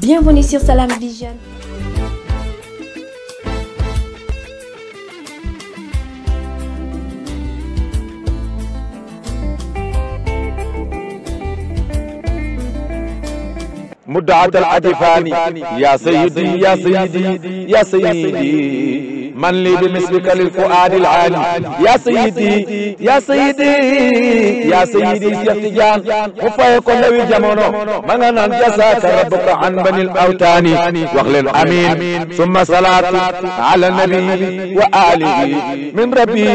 Bienvenue sur Salam Vision. مدعاة العدفان يا سيدي يا سيدي يا سيدي من لي بمثلك للفؤاد العالي يا سيدي يا سيدي يا سيدي سيدي جان وفايق لوي جمونو من نان جزاك ربك عن بني الأوتان وغل أمين ثم صلاة على النبي وآله من ربي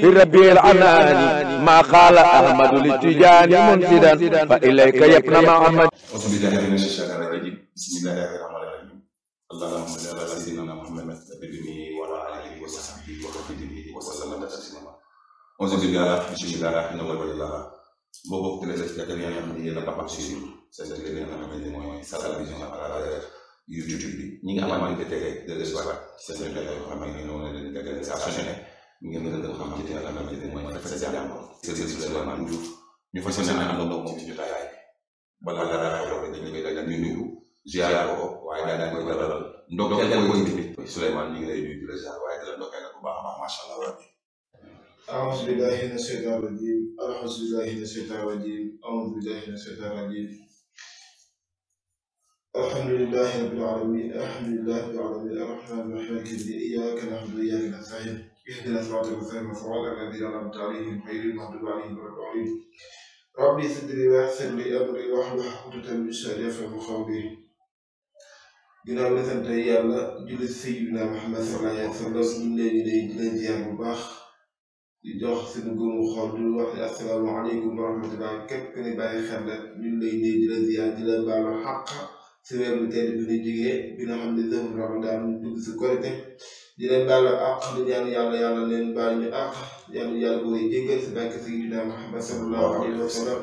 في ربي العنان ما قال أحمد للتجان منتدا فإليك يا ابن محمد بسم الله الرحمن الرحيم اللهم صل على سيدنا محمد النبي وعلى اله وصحبه وخدمه وسلم تسليما onze billah bismillah inna walillah boo bokk téléspectateurs yi nga xam ne yéen a baax ci seen télé bi nga xam ne mooy Salam Vision à travers YouTube bi ñi nga xamante ne tege de les wala seen télé yoo xam ne noonu leen tege saa su ne ngeen gën a xam ci nga xam ne mooy dafa sa jàmm Serigne Souleymane Diouf ñu fas yéene àndandoo moom ci jotaay balaa dara xew dañu koy dajal ñu nuyu ziar ko waaye daal di koy dalal ndokkeel ko koy indi Souleymane ñu ngi lay nuyu di la ziar waaye dala ndokkeel ko baax a baax macha allah rabbi أعوذ بالله من الشيطان الرجيم أعوذ بالله من الشيطان الرجيم أعوذ بالله من الشيطان الرجيم الحمد لله رب العالمين الحمد لله رب العالمين الرحمن الرحيم الكريم إياك نعبد وإياك نستعين اهدنا الصراط المستقيم صراط الذين أنعمت عليهم غير المغضوب عليهم ولا الضالين ربي صدري ويسر لي أمري واحلل عقدة من لساني يفقهوا قولي ginnaaw bi sant yàlla julli si Sayyidina Muhammad sallallahu alayhi wa sallam ñu ngi leen di di leen ziar bu baax di jox seen góomu xool di wax assalaamu aleykum wa rahmatullah képp ku ne bàyyi xel rek ñu ngi leen di di leen ziar di leen baalu xàq si weer bu tedd bi ñu jógee bi nga xam ne dëgg Ramadan dugg si korite di leen baal àq yàlla yàlla leen baal ñu àq yàlla yàlla booy jéggal si barke Sayyidina Muhammad sallallahu alayhi wa sallam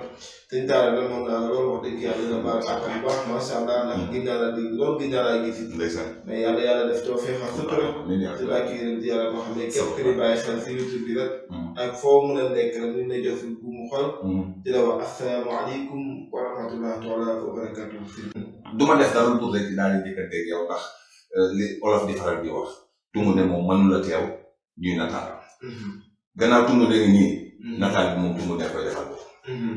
sëñ Talla la moom laa lool wax dëgg yàlla dina baal àq bu baax macha allah ndax ginnaaw laa dégg lool ginnaaw laa gis ndeysaan mais yàlla yàlla def bi rek mm. ak a nekk rek ñu mm. wax asalaamaaleykum wa rahmatullah taala wa barakatuh du ma def dara lu dul rek daal di dikkanteeg euh, olof di faral di wax Tungune moom mënu la teew ñuy nataal. Mhm. gannaaw Tungune ngi nii. Mhm. nataal bi moom Tungune koy defal ko. Mhm.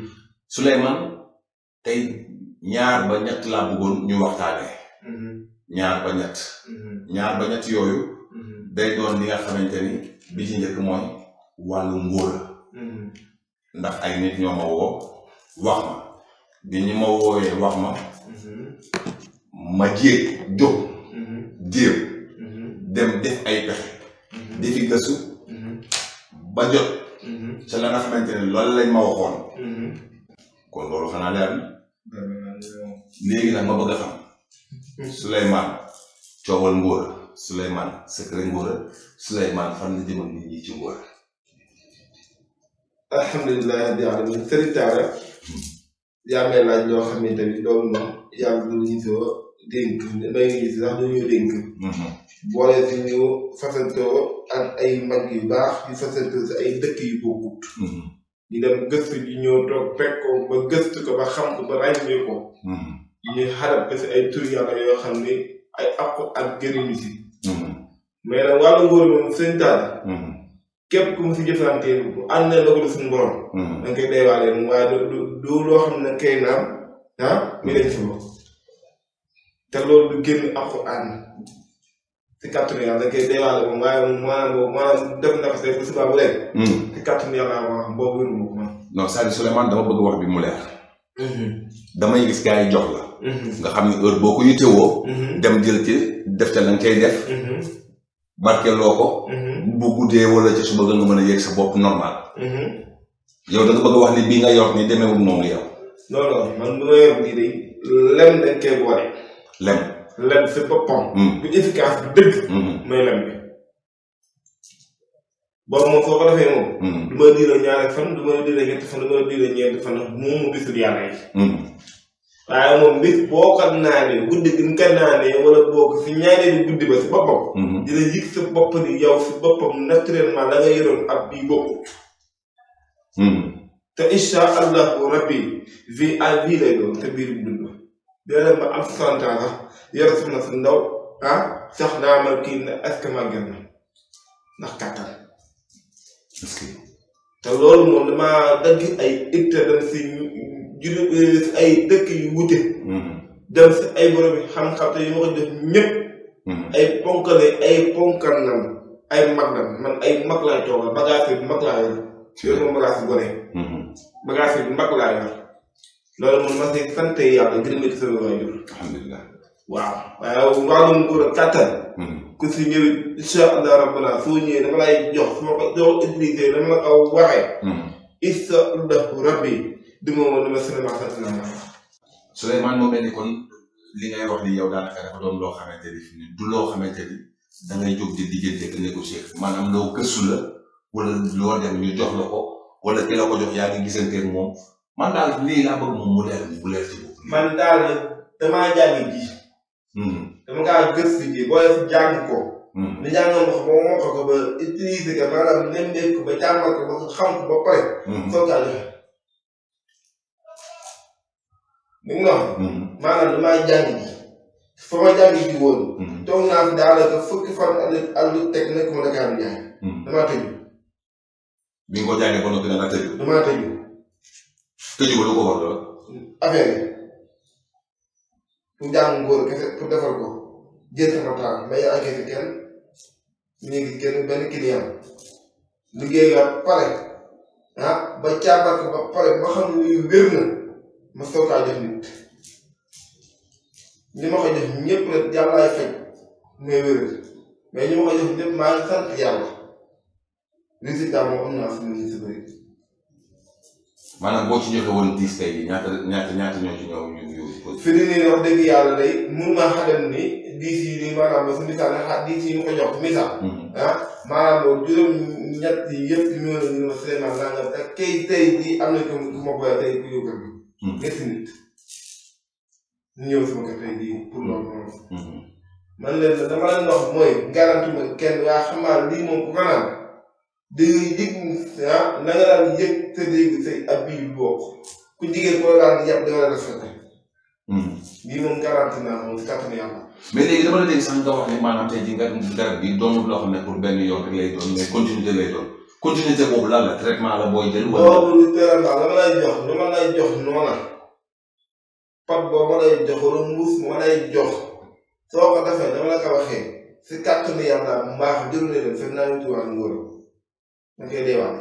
Souleymane tey ñaar ba ñett laa bëggoon ñu waxtaanee. ñaar ba ñett. ñaar ba ñett yooyu. day doon li nga xamante bi ci njëkk mooy wàllu ngóor. ndax ay nit ñoo ma woo wax ma bi ñu ma wooyee wax ma ma jéeg jóg jéem. dem def ay pexe. Mhm. di fi gëstu. Mhm. ba jot. Mhm. ca la nga xamante ne loolu lañ ma waxoon. kon loolu xanaa leer na. léegi nag ma bëgg a xam. Souleymane coowal ngóora Souleymane secret ngóora Souleymane fan la jëmal nit ñi ci ngóora. alhamdulilah rabbil alamin Serigne Talla hmm. yaa may laaj loo xam ne tamit loolu moom yàlla du ñu dénk damay gis sax dénk. Mm-hmm. boole si ñu fasantoo ak ay mag yu baax yu fasantoo si ay dëkk yu bokkut. Mm-hmm. ñu dem gëstu ji ñëw toog fekk ko ba gëstu ko ba xam ko ba ràññee ko. Mm-hmm. ñuy xarab ko ay tur yàlla yoo xam ne ay àpp ak jëriñu si. mais nag wàllu ngóor moom seen képp ku si jëflantee bu ànd na dogal suñu borom. da nga koy waaye du du loo xam ne kay naam ah mi si wax. te loolu du génn alxuraan ci kàttanu yàlla da koy deewaale moom waaye maanaam maanaam def na ko see bu subaa bu leen. ci kàttanu yàlla wax boobu wéru ma ko man. non Sadio Souleymane dama bëgg wax bi mu leer. Hmm. damay gis gars yi jox la. Hmm. nga xam ne heure boo ko yittewoo. Hmm. dem jël ci def ca la nga cay def. barkeeloo ko. bu guddee wala ci suba nga mën a yegg sa bopp normal. yow da nga bëgg wax ni bii nga yor ni demeewul noonu yow. non non man bu ma yor bii de lenn dañ koy boole. lem lem si boppam. bu mm. efficace bu dëgg. Mm. mooy lem bi. boobu moom soo ko defee moom. Mm. du ma diire ñaari fan du ma diire ñetti fan du ma diire ñeenti fan moomu bisul yàlla yi. waaye moom bis boo ko naanee guddi gi nga naanee wala boo ko si ñaareelu guddi ba si boppam. Mm-hmm. dina yëg sa bopp ni yow si boppam naturellement la nga yoroon ab bii bokkut. te incha allahu rabbi vie à vie lay doon te biir bu dund. dina dem ba am 60 ans sax yore soxna su ndaw ah sax daa mel kii ne est-ce que ndax kàttan te loolu moom damaa dagg ay hectares dem eh, si ay dëkk yu wute. Mm-hmm. dem si ay borom yi xam-xam te yu ma ko def ñëpp. Mm-hmm. ay ponkale ay ponkal nan ay mag nan man ay mag laay toogal bagage bi mag laa yor. yor ma bagage bu mm-hmm. mag laa yor. loolu hmm. jox hmm. su ni kon daanaka dafa doon loo xamante ni fi du loo xamante ni da ngay jóg di diggante ak négocier maanaam loo gëstu la wala loo dem ñu jox la ko wala ko jox yaa ngi gisanteeg moom. man daal lii laa bëgg moom mu leer mu leer ci bopp. man hmm. ko. Hmm. ni jàngoon ko ba moo ko ba utiliser ko maanaam nemmeeku ko ba jàngal ko ba xam ko ba pare. soo hmm. ko àll. nga wax. maanaam damaa jàng ji. fa ma jàng ji woon. toog naa fi daanaka fukki fan àll àll teg nekk ma Dakar Ndiaye. damaa tëju. bi nga ko jàngee ba noppi da nga tëju. damaa tëju ba du ko wax lool. affaire yi ñu jàng ngóor pour defar ko jël sama temps may enquête kenn ñu ngi kenn benn client liggéey nga pare ah ba caabar ba pare ba xam wér na ma soog nit ñi ma ko jox ñëpp rek faj mais wér mais ñi ma ko jox ñëpp maa ngi sant yàlla moom naa si lu si bëri maanaam boo ci joxe woon diis tey ñaata ñaata ñoo ci ñëw ñu nii wax dëgg yàlla day mun naa xadam ni diis yi nii maanaam su misaal nga xam diis yi mu ko jox misaal. Mm-hmm. ah maanaam juróom-ñett yëpp ñoo ne ñu ne ma koy tey ku yóbbu. Mm-hmm. noonu. Mm-hmm. man leen dama leen wax mooy garanti kenn waa xam lii moom ku ko da ngay yëg ah na nga daan yëg te dégg say ab bii ku jigéen koo daan yàpp da nga daan respecté. Hmm. lii moom nga wax ne maanaam tey jii garab bi doonul traitement la booy jël. wala loolu teeral la ma lay jox lu ma lay jox noona pat boo ma lay jox wala mbuus ma lay jox soo ko defee dama la ko waxee si kàttan yàlla mbaax jël na leen fekk naa leen ci wàllu dañ koy deewaat.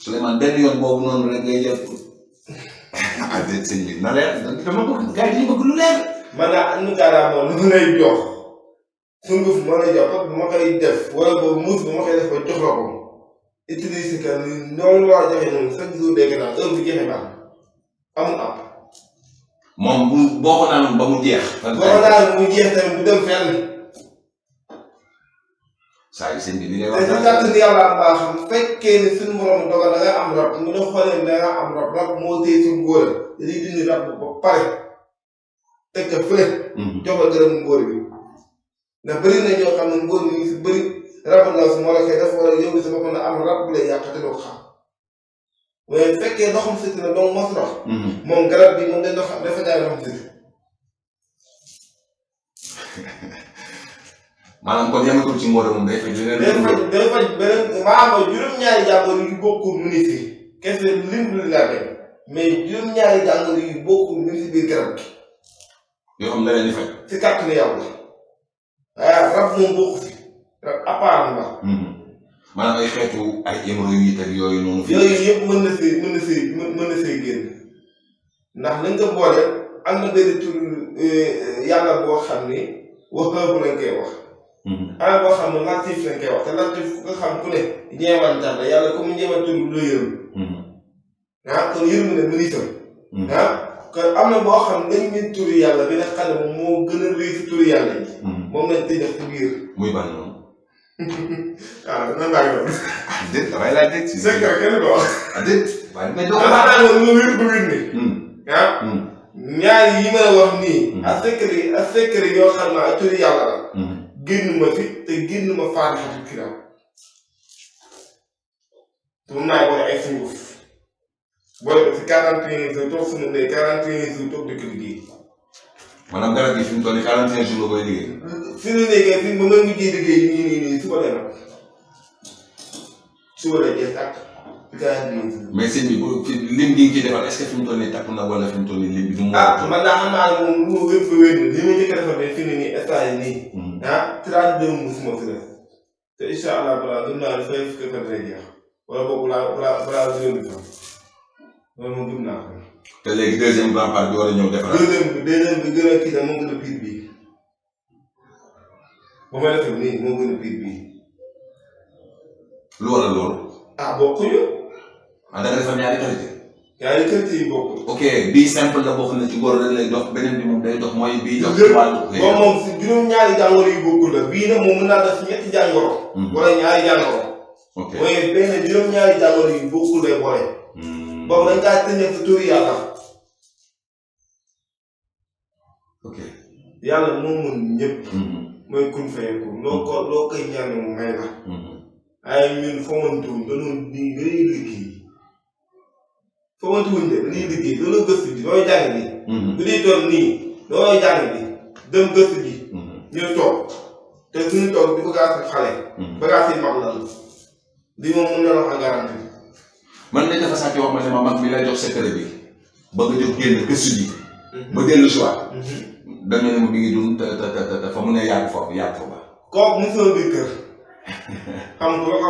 Souleymane benn yoon boobu noonu rek ngay jël. ah déet sëñ bi na leer dama ko gars yi ñu bëgg lu leer. man daa am kaaraango lu lay jox sunguf moo lay jox bu ma koy def ba jox la ko utiliser que noonu laa joxe noonu chaque jour dégg naa heure bu jeexee baax amul app. moom bu boo ko naan ba mu jeex. boo ko naan mu jeex tamit bu dem fenn. saa yu sëñ bi li ngay wax. te sant yàlla mbaa xam fekkee ne suñu borom dogal da nga am rab mu ne xoolee da nga am rab rab moo téye ci ngóor dañuy dindi rab ba pare teg ca fële. Mhm. jox la gërëm ngóor bi. ndax bëri na ñoo xam ne ngóor bi ñu bëri rabu ndaw si moo la koy def wala yow si boppam ne am rab bu lay yàq te xam. waaye fekkee ndoxum siti la doom mos ndox. Mhm. moom garab bi moom dañ doon xam dafa jaay ndoxum siti maanaam kon yamatul ci ngóor moom day faj leneen. day faj faj beneen maanaam juróom-ñaari jàngoro yu bokkul mu ngi fi kese lim lu la mais juróom-ñaari jàngoro yu bokkul mu ngi si moom mhm. fi yooyu yëpp mën na see mën na see mën na see génn ndax nañ nga boole am na benn tur eh, yàlla boo xam ni wax nga ko lañ wax. Mm-hmm. alal boo xam ne latif lañ koy wax te latif ku xam ku ne ñeewantal la yàlla comme ñeewantal lu la yërëm. Mm-hmm. ah kon yërëm ne mm-hmm. ah, boo xam ne dañ ne turu bi ne moo gën a réy turu yàlla moom lañ tëj ak biir. muy ban noonu. ah dina bàyyi loolu. ah déet damay laaj déet. c' est que kenn du wax. ah, ah, ah nii. ak secret ak secret yoo xam ne turu yàlla génn ma ma faar xatul kiram te naa boole ay sunguf boole ko si quarante et un jours toog suma ndey quarante et un jours toog dëkk liggéey. maanaam garab gi fi mu toll nii quarante et un jours la koy liggéey. su ñu liggéey fi mu mën mujjee liggéey ñu nii nii suba la nag suba la jeex ak mais sëñ bi bu lim bi nga ciy defal est-ce que fi mu toll nii takku na wala fi mu toll lim bi. mu ah man daa xam naa ne moom lu ma wér ba wér li ma njëkk nii nii instant yii nii. Hmm. ah tirage bi moom mosuma tiré te incha allah balaa gëm naa ne fay fukki fan lay jeex wala boog balaa balaa balaa juróomi fan loolu moom gëm naa ko. te léegi deuxième rempart bi war a ñëw defaraat. deuxième bi deuxième bi gën a kii moom gën a pire bii ba may defee nii moom gën a bii. lu war a loolu. ah bokkuñu. ah da nga defar ñaari qualité. yaa ngi kër yi bokk. ok bii simple la boo xam ne ci góor rek dox beneen bi moom day dox mooy bii. dox ci wàllu moom moom si juróom-ñaari jàngoro bokkul la bii mhm. hmm. boobu dañ kaa tëjee fa tur yàlla. yàlla moo mën ñëpp. Mhm. mooy kun fayakun. loo ko loo koy ñaan mu may la. Mhm. ay ñun foo mën tuum dañoo di liggéey. fomante wuñ de lii liggéey loolu gëstu ji looy jàng bi bu lii doon nii mhm. loolooy jàng bi dem gëstu ji mhm. ñu toog te suñu toog di bagage xale mhm. bagage yi mag la li moom mën na la wax garanti man nañ dafa sàcc wax ma ne ma mag mi lay jox secret bi ba nga jóg génn gëstu ji ba dellu si waat dañu ne ma mi ngi dund te te te mu ne yàgg foofu yàgg fa ba mu sama biir kër xam nga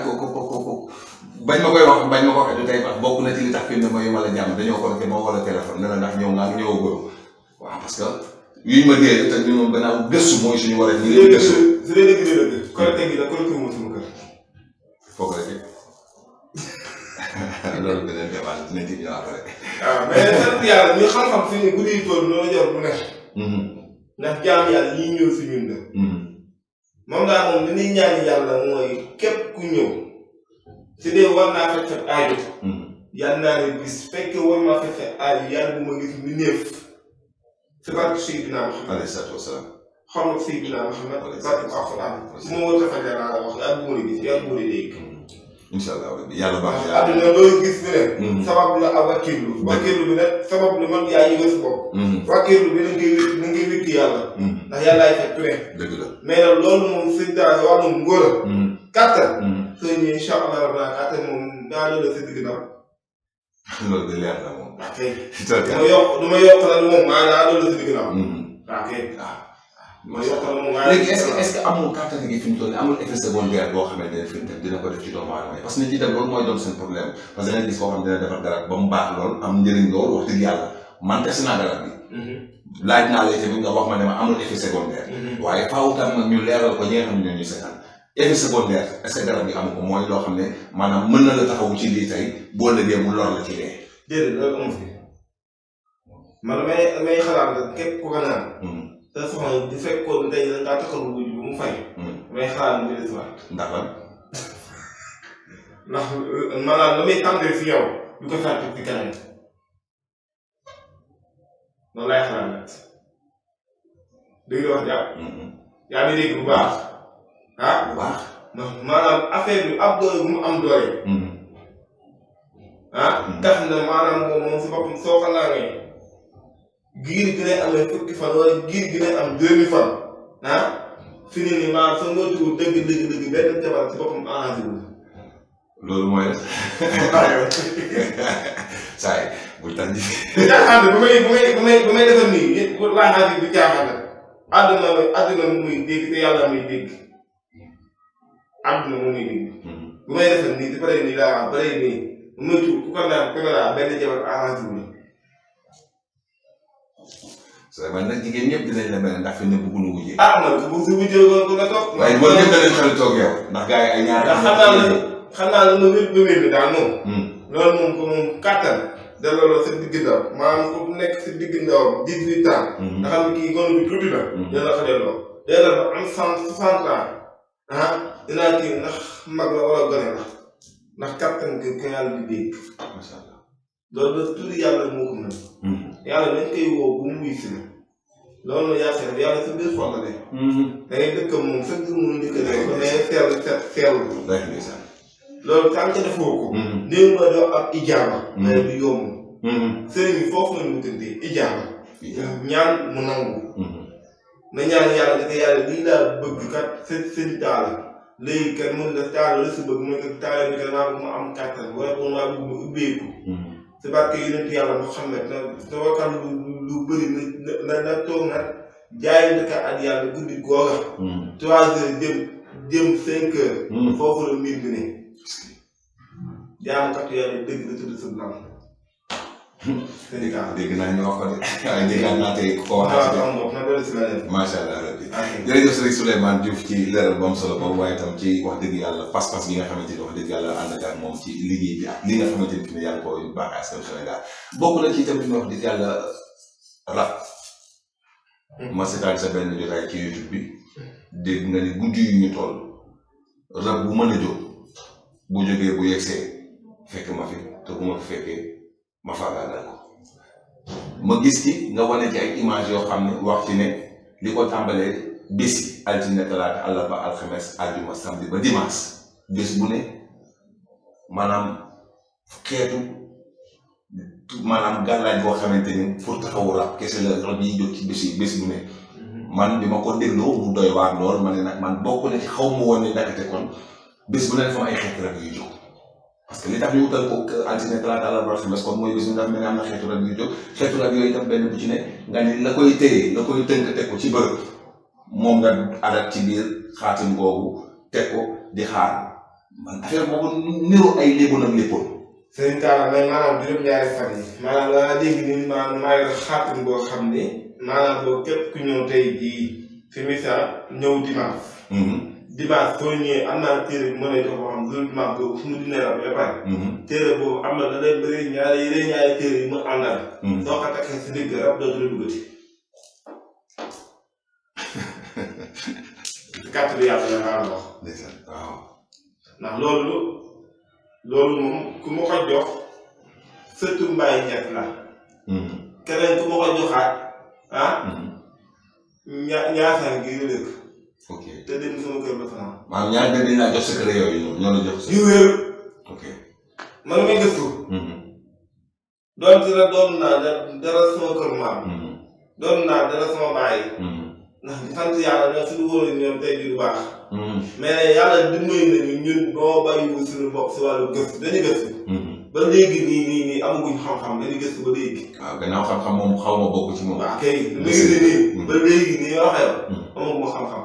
ko ko ko ko bañ ma koy wax bañ ma ko waxee du tey bokk na ci tax fi mu ne ma yomala jàmm dañoo connecté ma wala téléphone ne la ndax ñëw nga ak ñëwoo waaw parce que ma dee te ñun moom gannaaw gëstu mooy suñu war a. ñu ngi gëstu su dee dëgg dëgg connecté gi la connecté wu ma Ah, foofu mm-hmm. la jëm loolu dinañ demaat dinañ ci ñëwaat rek. waaw xam-xam fi ne bu ñuy toll loolu yor bu jaam yàlla ñi ñëw fi ñun la. moom daal moom li ñuy ñaan yàlla mooy képp ku ñëw. te dee war naa fekk fekk aajo. yàlla naa leen gis fekk war naa fekk fekk aajo yàlla bu ma gis mu néef. ci barke Seydina Muhammad alayhi salaatu wa salaam xaw ma si bi naan xam ne sax mu affaire moo la wax ak muur yi ak muur yi incha allah yàlla baax na àdduna looy gis ñu ne. Hmm. sabab la ak wakkiirlu. wakkiirlu bi nag sabab la man yaa yëngal si bopp. Hmm. wakkiirlu bi na ngay na ngay witti yàlla. Hmm. ndax yàllaay fekk ku ne. dëgg la mais nag loolu moom sëñ daal wàllum ngóor a. kàttan. sëñ bi incha allah rabi naa kàttan moom daa doon la sa digg ndaw. loolu de leer na moom. ok du yokk du ma yokk maa daa doon la sa digg ndaw. ok waaw. mooy léegi est-ce amul kàttan gi fi mu toll amul effet secondaire boo xamante ne fi mu dina ko def ci doomu aadama parce que nit ñi loolu mooy doon seen problème parce que da ngay ba mu am njëriñ lool mm-hmm. wax ma ne ma amul effet secondaire. Mm-hmm. waaye faaw tam nag ñu leeral ko ñi nga xam ne que garab bi amu ko mooy loo xam ne maanaam mën na ci lii tey boo lëgee mu lor la ci dee. déedéet loolu amu xalaat képp ku ko naan mm-hmm. te soxna bu fekkoon tey da ngaa taxaw lu wujj bu mu fay. Hmm. may xalaat mu dellusiwaat. ndax lan. Euh, maanaam la muy tàmbali fi yow du ko fàtte ci kanam noonu laay xalaat nag dégg nga wax jàpp. Hmm, hmm. yaa ngi dégg bu baax. ah bu baax. maanaam affaire ab doole bu mu am doole. ah tax na maanaam moom si boppam soo ko laajee. giir gi lay amee fukki fan wala giir gi lay am deux mille fan ah fi ne nii maanaam sa moytuwul dëgg dëgg dëgg benn jabar ci boppam arrangé wu. loolu mooy saa yi bul tànn. jaaxaan bu may bu may bu may bu may defal nii yéen bu laaxaan bi du jaaxaan la àdduna àdduna mu muy dégg te yàlla muy dégg àdduna mu muy dégg. Mm-hmm. bu may defal nii di pare nii daa pare nii moytu ku ko naan ku ko naan benn jabar arrangé wu Souleymane nag jigéen ñëpp dinañ la mel ndax fi ne bëgguñu wujjee. ah man bu si wujjee woon ko nga toog. waaye loolu yëpp danañ xel ko nekk si digg ndaw dix-huit ans. Hmm. nga kii gone bi tuuti na. Hmm. dina ko delloo. dina am cent soixante ans. ah dinaa kii ndax mag la wala gone la ndax kàttan gi ko yàlla di dégg. macha allah loolu la tuuti yàlla moo ko mën. Hmm. yàlla nañ koy woo bu mu wuy si la loolu la yaa seetlu yàlla sa biir xol la de. da ngay dëkk moom sa biir mënu a ko mm-hmm. doo ab ijaaba. nawet mm-hmm. mm-hmm. bi yomb. sëriñ foofu la ñu wutantee ijaaba. ñaan mu nangu. na ñaan yàlla da ngay yàlla lii laa bëgg kat seen seen taal léegi kat mën na la si bëgg mooy kat taal bi kat naa bëgg mu am kàttan wala boog naa bëgg mu ci barke yonent yàlla Muhammad na tawakkal lu lu bëri na na na toog nag jaayante ka ak yàlla guddi googa. Hmm. trois heures jëm jëm cinq heures. Hmm. foofu la mbir bi ne. jaamu kat yàlla dëgg la tudd sa dégg naa ñu tey ku ko waxaat macha allah rabbi jërëjëf Serigne ci leeral bu am solo boobu waaye tam ci wax dëgg yàlla pas-pas bi nga xamante ni wax dëgg yàlla ànd ak moom na ci tamit sa benn jotaay ci YouTube bi dégg nga ni guddi yu ñu toll rab bu mën a jóg bu jógee bu yegsee fekk ma fi te bu ma fi fekkee ma faagaagal ko ma gis ci nga wane ci ay image yoo xam ne wax ci ne li ko tàmbalee bis altine talaata àllarba alxames àjjuma samedi ba dimanche bés bu ne maanaam xeetu maanaam gàllaaj boo xamante ni pour taxawu rab kese la rab yi jóg ci bés yi bés bu ne mhm. man bi ma ko dégloo mu doy waar lool ma ne nag man bokk na ci xaw ma woon ne ndakate kon bés bu ne dafa ay xeetu rab jóg parce que li tax ñu wutal ko euh, altine talaata àllarba alxames kon mooy bis ñu daf xeetu rab yu jóg xeetu benn bu ci ne nga ni la koy téye la koy tënk teg ko ci bërëb moom nga adat ci biir xaatim googu teg ko di xaar man affaire boobu niroo ay léeboon ak léppoon. sëriñ Talla mais maanaam juróom-ñaari fan yi maanaam laa dégg ni maanaam maa ngi xaatim boo xam ne maanaam boo képp ku ñëw tey jii fi mu ñëw dimanche. Mm-hmm. dimanche soo ñëwee am naa téere bu ma lay jox boo xam loolu dimanche boobu fu mu dina la ba pare. Mhm. téere boobu am na da lay bëri mu àndal. Mhm. soo ko takkee si digg rab dootu la duggati. kàtt bi yàlla la loolu loolu moom ku jox surtout mbaay ñett la. Mhm. keneen ku ma ko joxaat ah. ña ñaasaan gi ok te dem sama kër la fanaan. maanaam ñaari benn laa jox secret yooyu ñoo la jox. yu wér. ok man mi gëstu. Mhm. doon si la doon naa dara sama kër maam. Mhm. doon naa dara sama baay. Mhm. ndax di sant yàlla ñoom suñu wóor ñoom tey jii du baax. mais yàlla dimbali nañu ñun boo bàyyiwul suñu bopp si wàllu gëstu dañu gëstu. ba léegi nii nii nii amaguñ xam-xam dañu gëstu ba léegi. waaw ah, gannaaw xam-xam moom xaw ma bokk ci moom. waaw ah, kay léegi nii ba léegi nii waxee amaguñ xam-xam.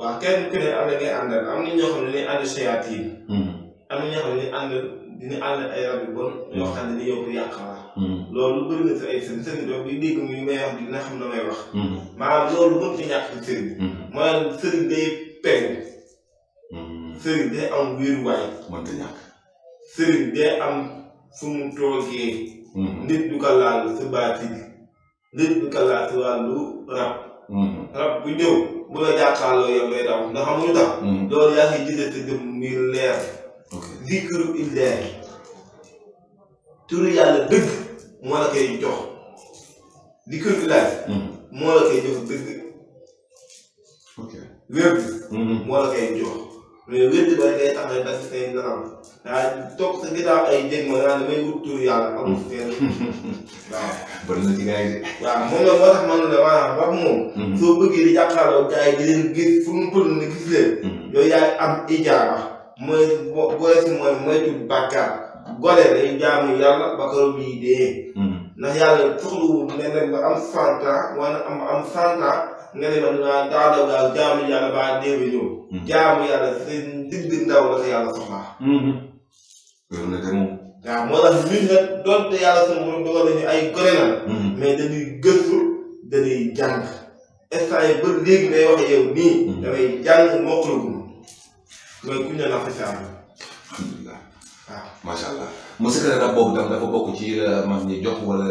waaw kenn ku ne am na ngay àndal am na ñoo ni ànd sayaatiin hmm. am na ñoo ni ànd dina ànd ay rab yu bon hmm. yoo xam ne ni yow hmm. loolu bëri na si ay sëriñ sëriñ doo bi muy may wax dina xam na may wax maanaam loolu mën ci ñàkk sëriñ mooy am fu mu toogee nit du ko si baati nit du ko laal si wàllu rab rab bu ñëw bu la jàkkaarloo yow ngay daw ndax xamuñu tax. Hmm. loolu yaa ngi jëlee te gëm muy leer. ok illahi turu yàlla dëgg moo la koy jox zikru illahi. Hmm. moo la koy jox dëgg. ok wér. Hmm. moo la koy jox. mais wér ba ngay taxawee parce que say naram daa toog sa ginnaaw ay dégg ma nga damay wut tur yàlla. amul fenn waaw. bëri na ci gars yi de. waaw moom la moo tax man la maanaam wax moom. Mhm. soo bëggee di jàkkaarloo gars yi di leen gis fu mu toll ni gis leen. Mhm. yooyu yaa am ijaaba mooy bo booyasi mooy moytu bàkkaar gole day jaamu yàlla ba ko bii dee. Mhm. ndax yàlla soxlawul ne nag nga am 100 ans wala am am 100 ans. nga ne man maa daanaka daal jaamu yàlla baa dee ba ñëw. Hmm. jaamu yàlla seen digg ndaw la ko yàlla soxlaa. Hmm. loolu moom. moo tax ñun nag donte yàlla sunu borom dogal nañu ay gone la. Hmm. mais dañuy gëstu dañuy jàng instant yi ba léegi day wax yow nii. damay jàng mokkalagum. mooy ku ñu la fa caabi. alhamdulilah waaw macha allah. mu si boobu tam dafa bokk ci euh, mag ñi jox wala.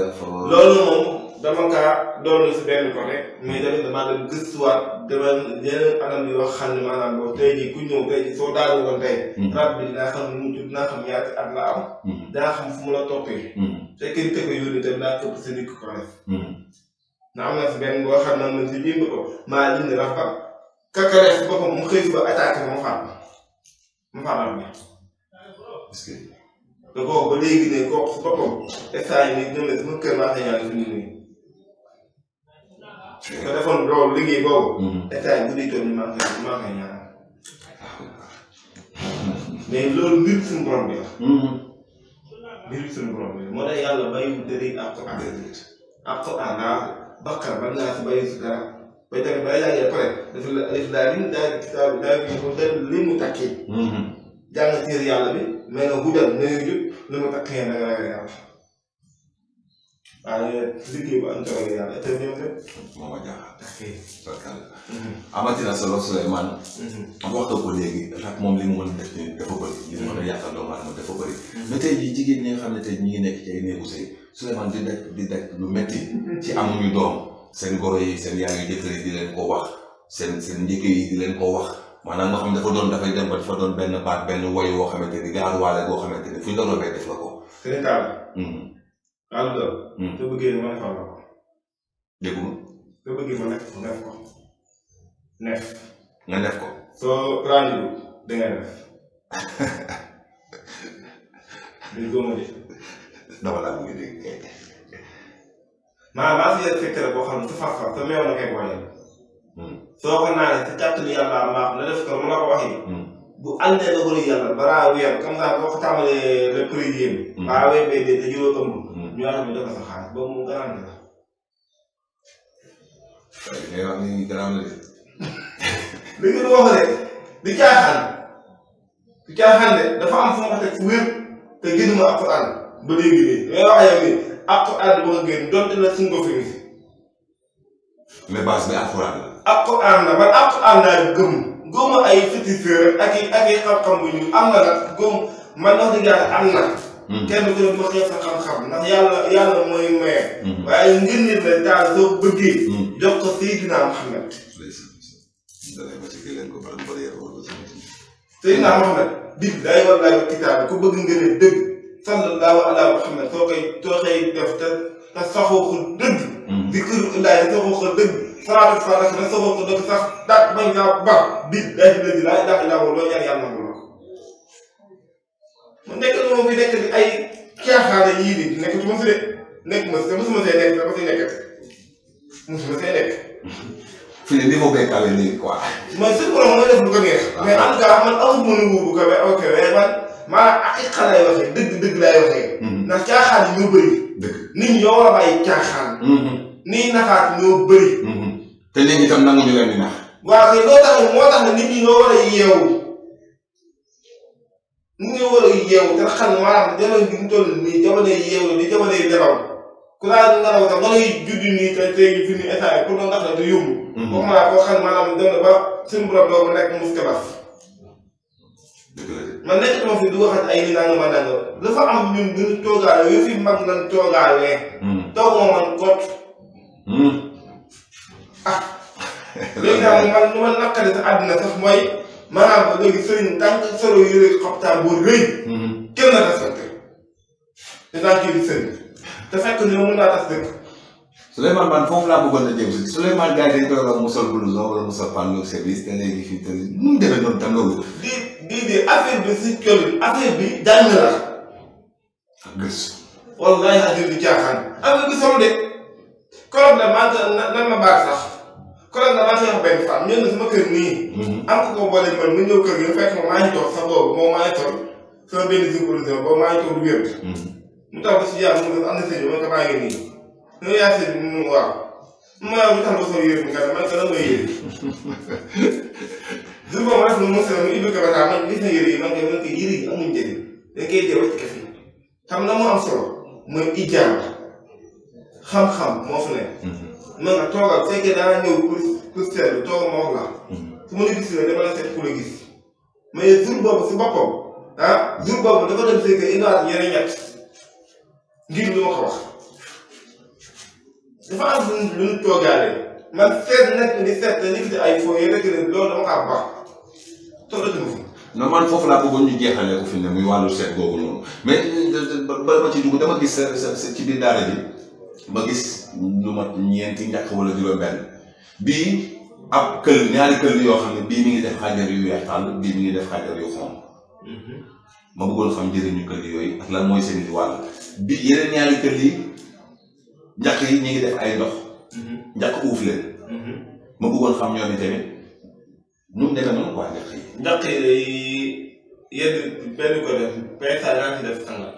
loolu moom. dama kaa doonal si benn côté mais tamit damaa dem gëstuwaat dama yeneen anam yoo xam ne maanaam boobu tey jii ku ñëw tey jii soo daal woon tey hmm. rab bi dinaa xam nu mu tudd dinaa xam ñaata at la am hmm. dinaa xam fu mu la toppee fekkee hmm. te ko yónni tamit daa topp si nit ko def na am na si benn boo xam ne am na si bind ko maa jënd rab ba kakare si boppam mu xëy si ba attaqué ma faat ma faat rab bi te kooku ba léegi ne kooku si boppam instant yi nii ñoom ne sama kër maa ngi ñaan fi nii nga defoon loolu liggéey boobu. état mhm. yi bu dee tool ñu maa ngi koy maa ngi koy ñaanal mais loolu mbir suñu borom bi la. Mhm. mbir suñu borom bi la moo tax yàlla bàyyiwul dëgg ak ko ak dëgg ak ko ànd ak ah. bakkar ba naa si bàyyi si dara bay tamit bàyyi laa jël pare dafa la dafa daal di daal di daal di ko daal li mu takkee. Mhm. jàng téere yàlla bi mais nga guddal nga yëngu lu mu takkee na nga ragal yàlla. waaye liggéey bu am doole ma jaaxal. barkal amati solo Souleymane. wax nga ko léegi rab moom li mu mën a nii dafa bëri. li mu a yàqal doomu aadama dafa bëri. mais jigéen ñi nga xam ne tey ñu ngi nekk ci ay néegu sëy Souleymane di daj di daj lu métti. ci amuñu doom seen goro yi seen yaay yu jëkkër yi di leen ko wax seen seen njëkk yi di leen ko wax. maanaam nga xam ne dafa doon dafay dem ba dafa doon benn baat benn woy woo xamante ni gaaruwaale boo xamante ni fu ñu la hmm. robee def yàlla te hmm. bëggee ma defal la ko. dégg te bëggee ma nekk ko nekk ko. nekk. nga ko. soo ràññee da ngay def. dégg nga ma dama laa bëgg dégg. maa maa si yàlla fekk la boo xam ne su far far te meew na koy boole. Hmm. soo ko naanee te kàttanu yàlla mbaax na def ko mu la ko waxee. Hmm. bu ànd ak dogalu yàlla balaa weer comme ça boo ko tàmbalee le prix yéen. baa weer bee dee te juróom ñu war a ñu defal sa xaalis boobu moom garanti la. waaye ngay wax ni garanti la. li ngeen wax rek di caaxaan di caaxaan de dafa am fu ma ko teg te génn ma alquran ba léegi nii li may wax yow nii alquran bi ma génn donte la suñ ko fi nii. mais base bi alquran la. alquran la man alquran laa gëm gëmmu ay féticheur ak i ak i xam-xam bu na nag gëmm man wax dëgg na. Mm-hmm. kenn ku ne ko xeex sa xam-xam ndax yàlla yàlla mooy maye. Mm-hmm. waaye ngir nit la daal soo bëggee. Mm-hmm. jox ko Seydina Mohamed. Seydina Mohamed dig day wallaahi kitaab ku bëgg nga dëgg sallallahu ala Muhammad soo koy soo koy def te te saxoo ko dëgg. zikrullahi saxoo ko dëgg. salaatu salaam saxoo ko dëgg sax daal bañ naa baax dig day dëgg laay daal di laa woo loo ñaan yàlla nangu mu nekk lu ma fi nekk di ay caaxaana yii di nekk ci ma fi de nekk ma te mosuma see nekk dafa si nekk mosuma see nekk. fii de niveau bee kawe nii quoi. man lu ko neex. Ah. mais en tout cas man amu ma nu bu kawe aw kawe maa aqiqa lay dëgg dëgg laay waxee. Mhm. ndax caaxaan yi ñoo bëri. dëgg nit ñi ñoo war a bàyyi caaxaan. Mhm. nii naxaat ñoo bëri. Mhm. te nit tam nanguñu leen di nax. waaw kay loo moo tax nit ñi ñoo war a yeewu. ñu ngi war a yeewu te xam ne maanaam jamono bi di jamono nii te tey jii fi nii état yi pour nga mhm. xam ne mu man nekk na fi du waxat ay nangam a nangam dafa am ñun gën a toogaale yu fi mag lan toogaale. Mhm. toog moo man kot. Mhm. ah. léegi daal man lu ma naqari sa àddina sax mooy. maanaam ba léegi sëriñ tànk solo yore xaptaan boo rëy. Mhm. kenn la respecté dinaa kii di sëriñ te fekk ñoom mën naa tas dëkk. foofu laa bëggoon a jëm si Souleymane gars yi dañ koy wax mu sol blouson wala mu sol panneau service te léegi fii te mu demee noonu tam loolu. di di di affaire bi si kër affaire bi jàng la. Ah, gëstu. wallaahi affaire bi caaxaan. affaire bi solo de. korob la man na ma baax sax. kon nag maa ngi benn femme ñëw na sama kër nii. Mhm. am ko ko boole man nga ñëw kër gi fekk ma maa ngi toog sax boobu moom maa ngi toog sama benn jiw producteur bi boobu maa ngi toog du wér. Mhm. mu tax ba si mu am na sëñ bi ma ko bàyyi nii. ñoo yaa sëñ mu waaw. mu mu tax ba sama yére bi nga ne man dana may yére. jour boobu rek mu mos a mu ibbi kabataa man gis na yére yi man de man ko yére yi amuñ njëriñ dañ koy dee wacc na mu am xam-xam moo fi ne. Mhm. na nga toogal fekkee daa ñëw pour pour seetlu toogal ma la. su mhm. ma la gis la dama la seet ku la gis. mais jour ah, a a loolu dama kaa euh, euh, gis ci biir daara ji. ma gis lu mat ñeenti njàkk wala juróom-benn bii ab kël ñaari kël yoo xam ne bii mi ngi def xaajar yu weex tàll bii mi ngi def xaajar yu xonq mm-hmm. ma bëggoon xam njëriñu kël yooyu ak lan mooy seen i wàll bi yeneen ñaari kël yi njàkk yi ñu ngi def ay ndox mm-hmm. njàkk uuf leen mm-hmm. ma bëggoon xam ñoom tamit nu mu demee noonu waa njàkk yi njàkk yi yenn benn ko def benn saa yaa def sangat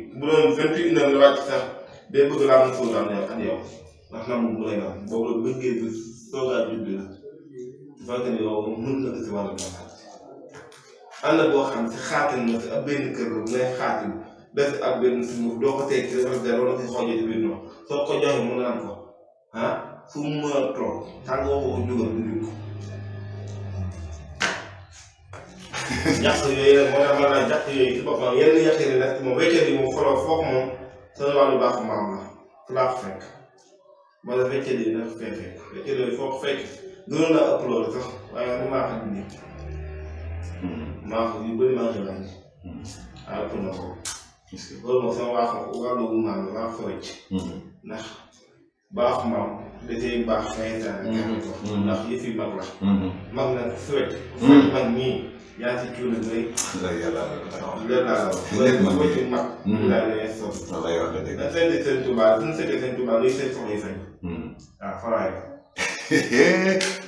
bu doon vingt et une heures nga sax day bëgg laa mën fóotu am ak yow ndax nam bu lay am boobu la bëggee bi soogaa juddu la fekk ne yow mën nga si wàllu xaat ànd boo xam si si ab benn kër bu lay xaatim def doo ko teg xoojee soo ko joxee mu ko ah fu mu mën a toog tàngoo ko jugal du ko yàq yooyu moo tax maanaam yàq yooyu ci boppam yenn yàq yi nag moom wéccet yi moom xooloo foog moom seen wàllu baax maam la fu laa ko fekk wala wéccet yi nag fee fekk wéccet yooyu foo ko fekk gënoon naa ëpp loolu sax waaye nag maa xam ne maa xam yu bëri maa xam ne ah ëpp na ko. est-ce que loolu moom sama waax wàllu maam la maa fa wécc. ndax baax maam dafay baax. xëy na daal ndax yëf mag la. Mm-hmm. mag nag su wécc. mag ñii. yaa ci tuuna ngay. la yàlla la. lépp ma koy mag. la lay sos. la mm-hmm. yor la dëgg. da seetlu seen tubaab suñu seetlu seen tubaab luy seet soxla yi sañ. waaw faraay.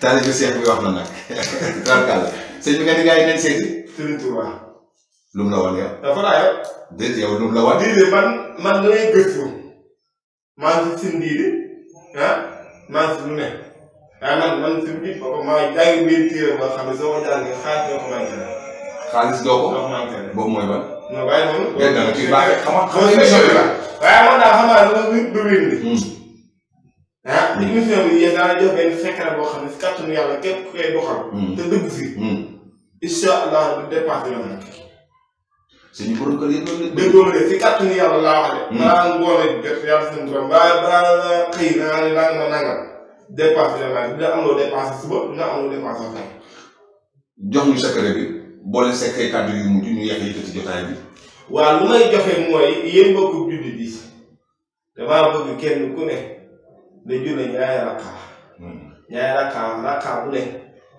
taalibu seex bi wax na nag. barkaala sëñ bi nga ni gars yi nañ seeti. Sëriñ Tuubaa. lu mu la wan yow. dafa laa yow. déet yow lu mu la wan. diine man man damay gëstu maa ngi si ndiine ah maa ngi si lu ne. daa man man sëñ bi maa ngi jàng biir téere boo xam ne soo ko jàngee xaalis doo ko manqué la. xaalis doo boobu mooy ban. non waaye moom. dégg naa kii baaxee xam nga xam nga émission bi la. waaye moom daal xam naa lu lu wér la. ah hmm. émission benn secret boo xam ne si kàttanu yàlla képp ku koy doxal. Hmm. dëgg si. Hmm. incha allah du la nag. suñu borom kër yéen loolu la. déggoo la de si yàlla laa wax de. maanaam ngoone jot yàlla suñu borom ba balaa xëy na ne nangam dépense générale dina am loo dépense suba dina am loo dépense tey. jox ñu secret bi boole secret kàddu yu mujj ñu yàq yëkkati jotaay bi. waaw lu may joxe mooy yéen mbokku jullit yi damaa bëgg kenn ku ne da julli ñaari rakkaa hmm. ñaari rakkaa rakkaa bu ne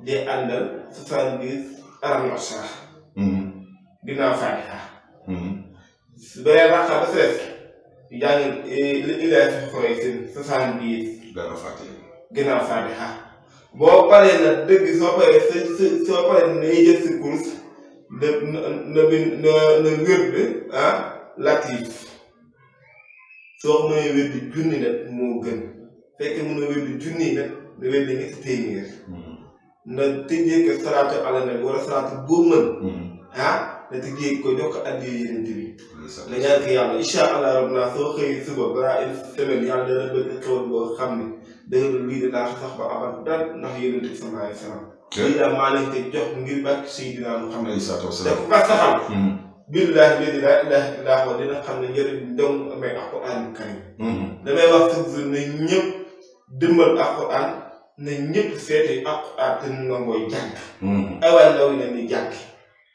de àndal soixante-dix aram na sax dinaa fatiha hmm. beneen rakkaa ba seet yaa ngi li ilaay si xoy seen soixante-dix dana fatiha ginnaaw faatiha ah. boo paree nag dëgg soo paree soo paree nay jël sa kurus na na na na wérd ah soo ko mënee wérd junni nag moo gën fekk mën a wérd junni nag na wérd ñetti téeméer hmm. na tëjee ko salaatu ala nabi wala salaatu boo mën hmm. ah na liggéey ko jox ko addiya yeneen bi. na ñaan ko yàlla incha allah rabi naa soo xëy suba balaa une semaine yàlla dana bëgg xewal boo xam ne dëgg lii dinaa ko sax ba amal dal ndax yeneen bi sallallahu alayhi wa sallam. lii daal maa leen koy ngir ba saxal. billaahi ladi laa ilaaha illaa huwa dina xam ne njëriñ dong amee alquraan karim. damay wax chaque jour ne ñëpp dimbal alquraan ne ñëpp seeti alquraan te mu nga mooy jàng. aywa ndaw yi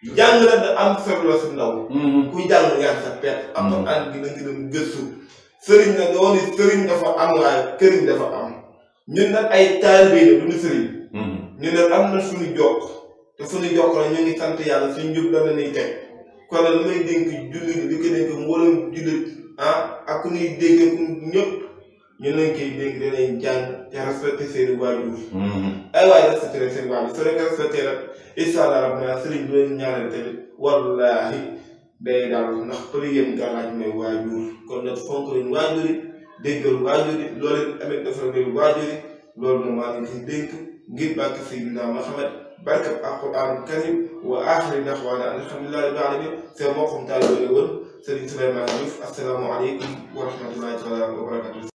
jàng la mm-hmm. nga am faiblesse ndaw. ku jàng yaa sa pet. Mm-hmm. am na ànd gi da nga dem gëstu. sëriñ nag nga wax ni dafa am waaye këriñ dafa am. ñun nag ay taalibe la du ñu sëriñ. Mm-hmm. ñu ne am na suñu jokk. te suñu jokk la ñu ngi sant yàlla suñu jub dana ñuy teg. kon nag lu may dénk jullit li ko dénk mboolem jullit ah ak ku ñuy ñëpp. ñu leen koy dégg danañ jàng te respecté seeni waajur. Mm-hmm. ay waay respecté seen waajur su leen respecté nag incha allah rabbi naa sëriñ bi leen ñaanal tamit wallaahi day daal ndax përi yem gàllaaj mooy waajur kon nag fonk leen waajur yi déggal waajur yi loolu it amit dafa leen waajur yi loolu moom maa ngi ciy dénk ngir bàkk Seydina Muhammad barkab alquran karim wa axiri daxwaana alhamdulillahi rabbil alamin seen mbokkum taal yooyu woon Sëriñ Souleymane Diouf asalaamaaleykum wa rahmatullahi taala